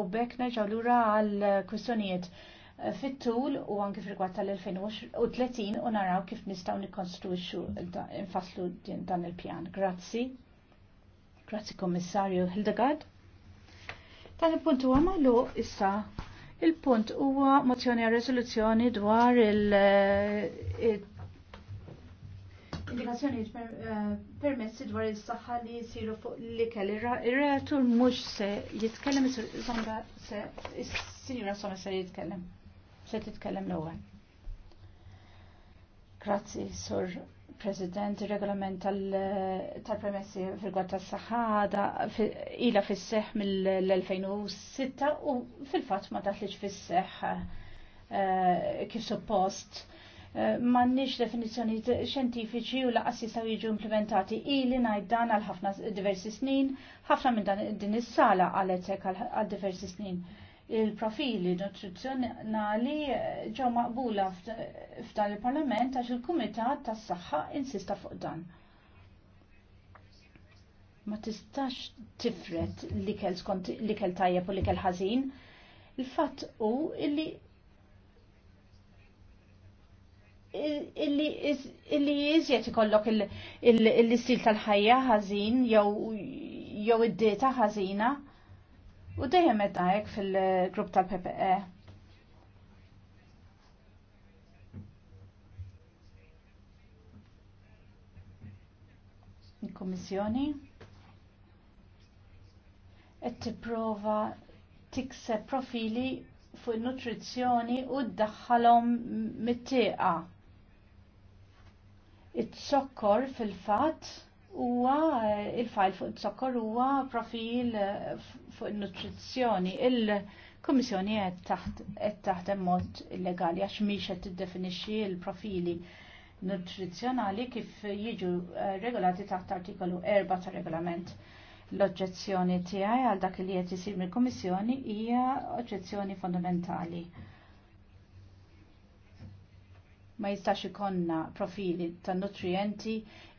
u bekk nerġaw lura għal kwistjonijiet eh, fit-tul u anki fil-gwad tal-2030 u naraw kif nistaw nikonstruixxu infaslu dan il-pjan. Grazzi. Grazzi Kommissarju Hildegard. Dan il-punt huwa magħluq issa il-punt huwa mozzjoni għal rezoluzjoni dwar il eh, Indikazzjoni eh, permessi dwar il-saħħa li jisiru fuq l-ikel. ir reatur mhux se jitkellem is-sonda se is-sinjura somma se jitkellem. Se titkellem l-ewwel. Grazzi, Sur President, il-regolament tal-premessi fil-gwad tas-saħħa għada ila fis-seħ mill-2006 u fil-fatt ma daħliġ fis-seħ eh, kif suppost m'għandniex definizzjonijiet xjentifiċi u laqas jistaw jiġu implementati. Ili ngħid dan għal ħafna diversi snin, ħafna minn dan din is-sala qalet hekk għal diversi snin. Il-profili nutrizzjonali eh, ġew maqbula f'dan il-Parlament għax il-Kumitat tas-Saħħa insista fuq dan ma tistax tifret li kell skont li tajjeb u li kell ħażin. Il-fatt hu illi illi jizjet ikollok il-istil tal-ħajja ħażin jew id-dieta ħażina. U dejjem qed hekk fil-grupp tal-PPE. Il-Kommissjoni qed tipprova tikseb profili fuq nutrizzjoni u ddaħħalhom mit-tieqa it-sokkor fil-fat huwa il-fajl fuq it-sokkor huwa profil eh, fuq nutrizzjoni Il-Kummissjoni qed taħdem mod illegali għax mhix qed tiddefinixxi l-profili nutrizzjonali kif jiġu eh, regolati taħt artikolu 4 ta' regolament. L-oġġezzjoni tiegħi għal dak li qed isir mill-Kummissjoni hija oġġezzjoni fondamentali ma jistax ikonna profili ta' nutrienti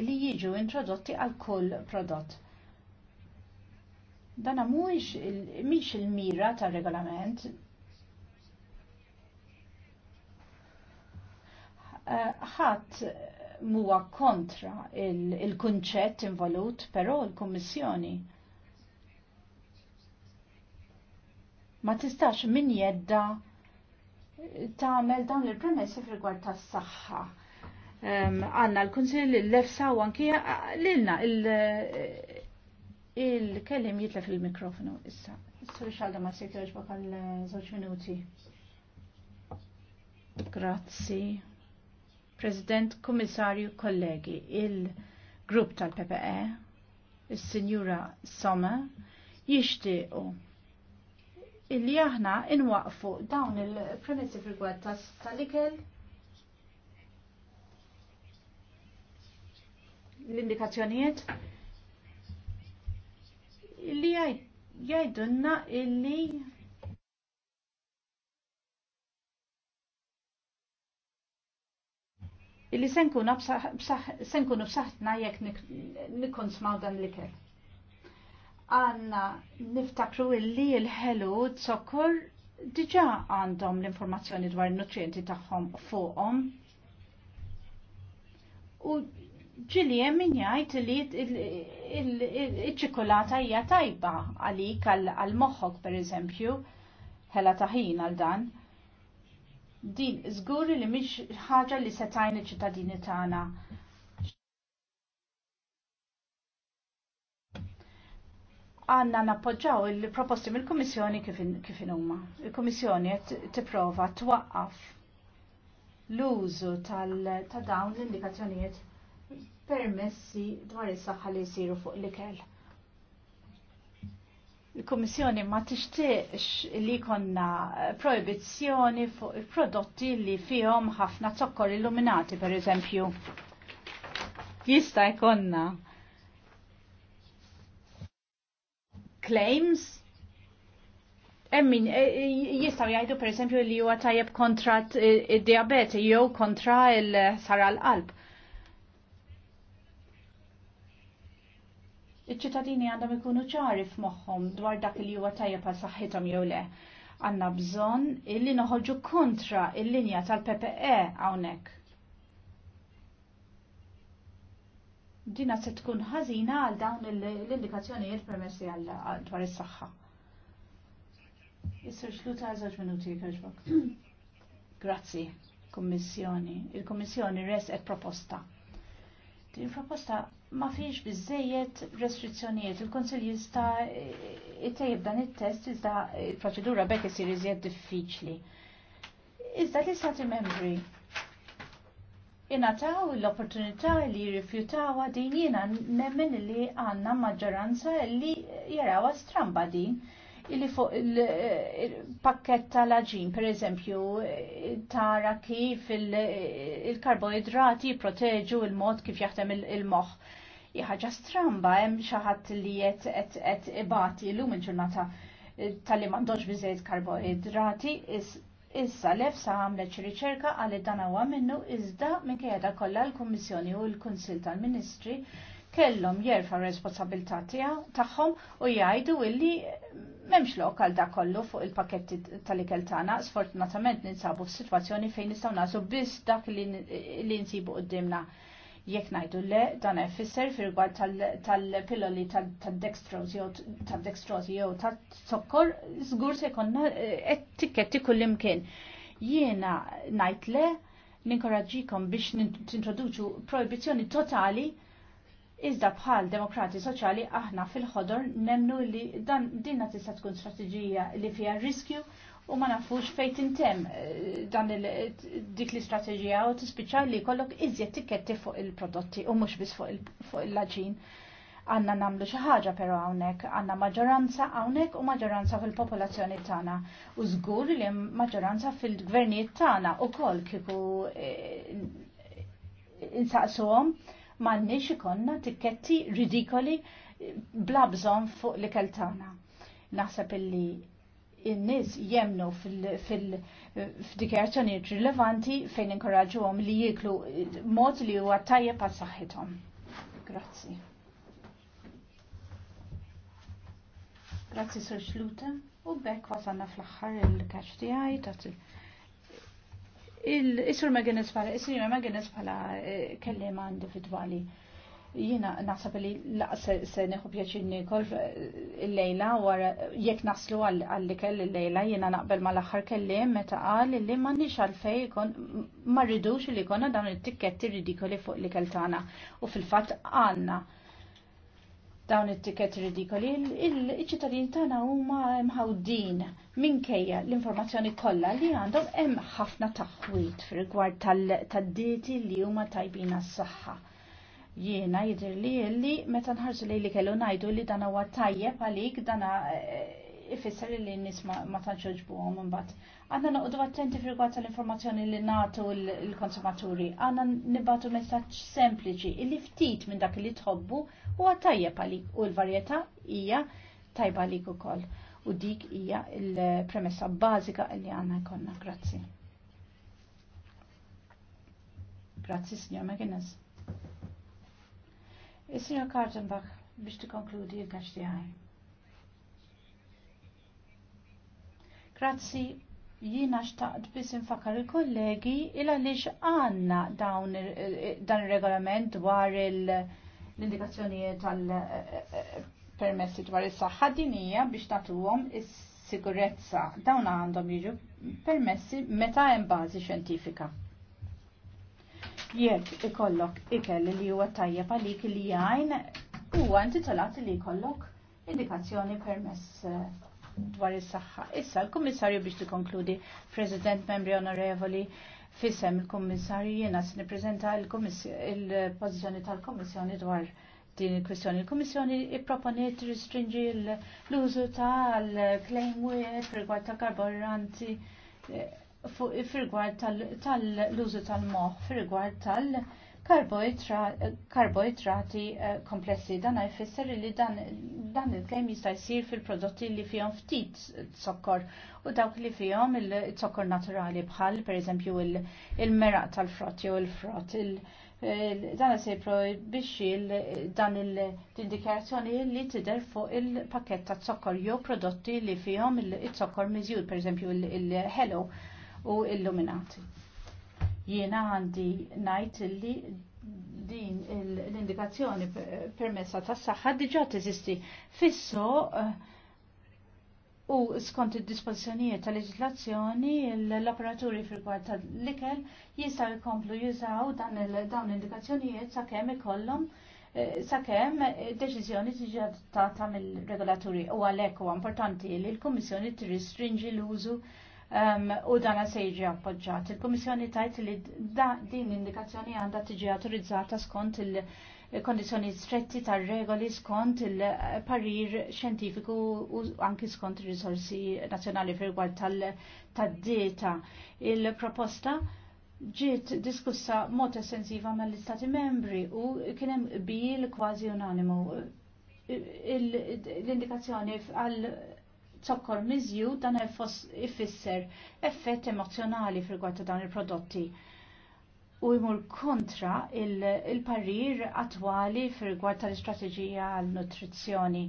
illi jiġu introdotti għal kull prodott. Dan mhuwiex mhix il-mira tar-regolament. Eh, ħadd muwa kontra il-kunċett il involut, però l-Kummissjoni ma tistax min jedda tagħmel dawn il-premessi f'rigward tas-saħħa. Għanna l-Kunsill, l-Lefsa u anki lilna il-kellim jitlef il-mikrofonu issa. Sorry xalda ma sejt joġbok għal żewġ minuti. Grazzi. President, Kummissarju, kollegi, il-grupp tal-PPE, il-Sinjura Sommer, jishtiqu illi aħna inwaqfu dawn il-premessi fil-gwad tal-ikel l-indikazzjonijiet illi jajdunna illi illi senkunu b'saħtna jekk nikun smaw dan l-ikel għanna niftakru illi il-ħelu t-sokkur diġa għandhom l-informazzjoni dwar il-nutrienti tagħhom fuqhom. U ġili min jgħid li iċ-ċikolata hija tajba għalik għal moħħok pereżempju, ħela taħin għal dan. Din żguri li mhix ħaġa li setajni iċ-ċittadini tagħna għanna nappoġġaw il-proposti mill-Komissjoni kif huma. Il-Komissjoni qed tipprova twaqqaf l-użu ta' dawn l-indikazzjonijiet permessi dwar is-saħħa li jsiru fuq l-ikel. Il-Komissjoni ma tixtieqx li konna proibizzjoni fuq il-prodotti li fihom ħafna zokkor illuminati, per eżempju. Jista' jkollna claims Emmin, e, e, jistaw jajdu per esempio li huwa tajjeb kontra il-diabete, e, jew kontra il-sara l-qalb. Iċ-ċittadini għandhom ikunu ċari f'moħħom dwar dak li huwa tajjeb għal saħħithom jew le. Għandna bżonn illi noħoġu kontra il-linja tal-PPE hawnhekk. dina se tkun ħażina għal dawn l-indikazzjonijiet permessi għal dwar is-saħħa. is xlu ta' żewġ minuti jkirġbok. Grazzi, Kummissjoni. Il-Kummissjoni res qed proposta. Din proposta ma fiex biżejjed restrizzjonijiet. Il-Konsil jista' jtejjeb dan it-test iżda il-proċedura bekk isir iżjed diffiċli. Iżda li istati membri inataw l-opportunità li jirrifjutawa din jiena nemmen li għanna maġġoranza li jarawa stramba din illi fuq il-pakket tal-aġin, per eżempju, tara kif il-karboidrati proteġu il-mod kif jaħdem il-moħ. Iħħaġa stramba, hemm xaħat li jett et ibati l-lum il-ġurnata eh, tal-li mandoġ bizzejt karboidrati, Issa l-EFSA għamlet riċerka għal dan huwa minnu iżda minkejja kollha l-Kummissjoni u l-Kunsil tal-Ministri kellhom jerfa' responsabilità tagħhom u jgħidu illi m'hemmx lokal da kollu fuq il-paketti tal-ikel tagħna. Sfortunatament ninsabu f'sitwazzjoni fejn nistgħu nasu biss dak li nsibu qudiemna. Jekk ngħidu le, dan ifisser fir-rigward tal-pilloli tad-dextrosi jew tad-dextrosi jew tat-sokkor, żgur se jkollna e, etiketti kullimkien. Jiena ngħid le, ninkoraġġikom biex tintroduċu proibizzjoni totali Iżda bħal demokrati soċjali aħna fil-ħodor nemnu li dan dinna tista' tkun strateġija li fiha riskju u ma nafux fejn intem eh, dan dik l-istrateġija u tispiċċa li jkollok iżjed tikketti fuq il-prodotti u mhux biss fuq il-laġin. Għanna namlu xi ħaġa però hawnhekk, għandna maġġoranza hawnhekk u maġġoranza fil-popolazzjoni tagħna. U żgur li maġġoranza fil-gvernijiet tagħna insaqsu kieku eh, insaqsuhom m'għandniex ikollna tikketti ridikoli blabżon fuq li tana. Naħseb illi in-nies jemnu fil-dikjarazzjonijiet rilevanti fejn inkoraġuhom li jiklu mod li huwa tajjeb għal saħħithom. Grazzi. Grazzi Sir Xluta. U bekk wasanna fl-axħar il-kaċ tiegħi tat il-isur Meganis pala, isur Meganis pala eh, kellima individwali. Jiena naħseb li laqse se neħu pjaċin nikol eh, il-lejla wara jekk naslu għall-ikel il-lejla jiena naqbel mal-aħħar kellim meta qal li nix għalfej kon ma rridux li jkollna dawn it-tikketti ridikoli fuq l-ikel tagħna u fil-fatt għandna dawn it-tikketti ridikoli il-ċittadini tagħna huma mħawdin minkejja l-informazzjoni kollha li għandhom hemm ħafna taħwit fir-rigward tal dieti li huma tajbin s saħħa jiena jidir li li meta nħarsu li li kellu ngħidu li dan huwa tajjeb għalik dan eh, ifisser li n-nies ma tantx ġbuhom mbatt. Għanna noqogħdu attenti fil tal-informazzjoni li nagħtu l-konsumaturi. Għandna nibgħatu messaġġ sempliċi illi ftit minn dak li tħobbu huwa tajjeb għalik u l-varjetà hija tajba għalik ukoll u dik hija il-premessa bażika li għandna jkollna. Grazzi. Grazzi, signor McGinnis. Is-Sinjor Kartenbach biex tikkonkludi l-kaċ tiegħi. Grazzi jina xtaqt biss infakar il-kollegi il għaliex għandna dawn dan ir-regolament dwar l-indikazzjonijiet tal-permessi eh, eh, eh, dwar is-saħħa dinija biex tagħtuhom is-sigurezza. Dawn għandhom jiġu permessi meta hemm bażi xjentifika jekk ikollok ikel li huwa tajjeb għalik li jgħin huwa talat li jkollok indikazzjoni permess eh, dwar is-saħħa. Issa l-Kummissarju biex tikkonkludi, President Membri Onorevoli, fisem il-Kummissarju jiena se nippreżenta il-pożizzjoni tal-Kommissjoni dwar din il-kwestjoni. Il-Kommissjoni ipproponiet ristringi l-użu tal-claim wieħed rigward ta' karburanti eh, fir tal-użu tal-moħ, fir-rigward tal-karboidrati eh, komplessi. Dan jfisser li dan il-kem jista' jsir fil-prodotti li fihom ftit sokkor u dawk li fihom il sokkor naturali bħal pereżempju il-meraq tal-frott jew il-frott eh, dan se biex dan il-indikazzjoni li tider fuq il-pakket ta' sokkor jew prodotti li fihom il-zokkor miżjud, pereżempju il-hello u illuminati. Jiena għandi najt li din l-indikazzjoni permessa tas saħħa diġa teżisti fisso eh, u skont id-dispożizzjonijiet tal leġislazzjoni l-operaturi fil-kwart tal-likel jistaw jkomplu jużaw dan l-indikazzjonijiet sakemm ikollhom eh, sakemm deċiżjoni tiġi adottata mill-regolaturi u għalhekk huwa importanti li l-Kummissjoni tirristringi l-użu u dana se jiġi appoġġat. il komissjoni tajt li din l-indikazzjoni għandha tiġi autorizzata skont il-kondizjoni stretti tar regoli skont il-parir xjentifiku u anki skont il-risorsi nazjonali fil-gwad tal-data. Il-proposta ġiet diskussa mod essenziva l istati membri u kienem bil kważi unanimu l-indikazzjoni għal zokkor mizju dan ifisser effett emozjonali fil ta' dan il-prodotti u jmur kontra il-parir il attwali fil-gwad tal-istrateġija għal-nutrizzjoni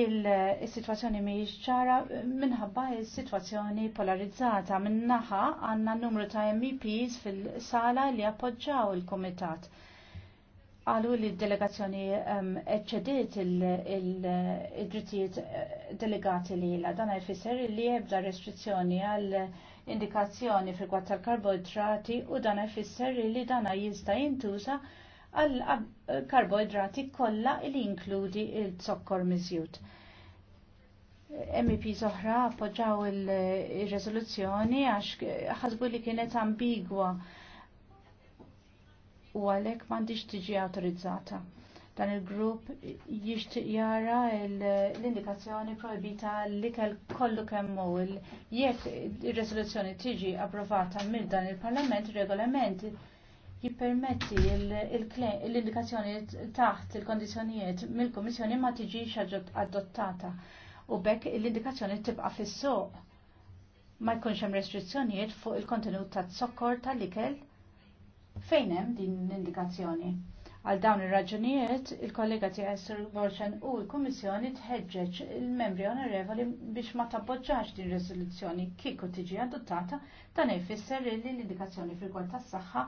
il-situazzjoni miħiġ ċara minħabba il-situazzjoni polarizzata. Minnaħa għanna numru ta' MEPs fil-sala li appoġġaw il-komitat għalu li delegazzjoni ehm, eċċediet il-drittijiet eh, delegati li la dan jfisser li jibda restrizzjoni għal indikazzjoni fil tal-karboidrati u dan jfisser li dan jista jintuża għal eh, karboidrati kollha li inkludi il-zokkor miżjud. MEP Zohra appoġġaw il-rezoluzzjoni għax eh, ħasbu li kienet ambigwa u għalek mandiġ tiġi autorizzata. Dan il-grupp jixtieq jara l-indikazzjoni proibita li kell kollu kemmu jekk ir-resoluzzjoni tiġi approvata mill dan il-Parlament regolament jippermetti l-indikazzjoni taħt il-kondizjonijiet mill-Kummissjoni ma tiġix adottata u bekk l-indikazzjoni tibqa' fis soq ma jkunx hemm restrizzjonijiet fuq il-kontenut ta' sokkor tal-ikel Fejn hemm din l-indikazzjoni? Għal dawn ir-raġunijiet, il-kollega tiegħi Sir Borsen u l-Kummissjoni tħeġġeġ il-membri onorevoli biex ma tappoġġax din riżoluzzjoni kieku tiġi adottata dan ifisser li l-indikazzjoni fil-gwar tas-saħħa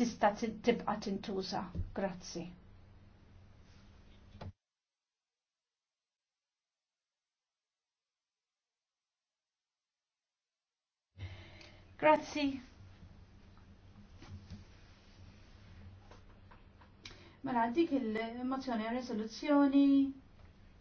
tista' tibqa' tintuża. Grazzi. Grazzi. Mela dik il-mozzjoni u resoluzzjoni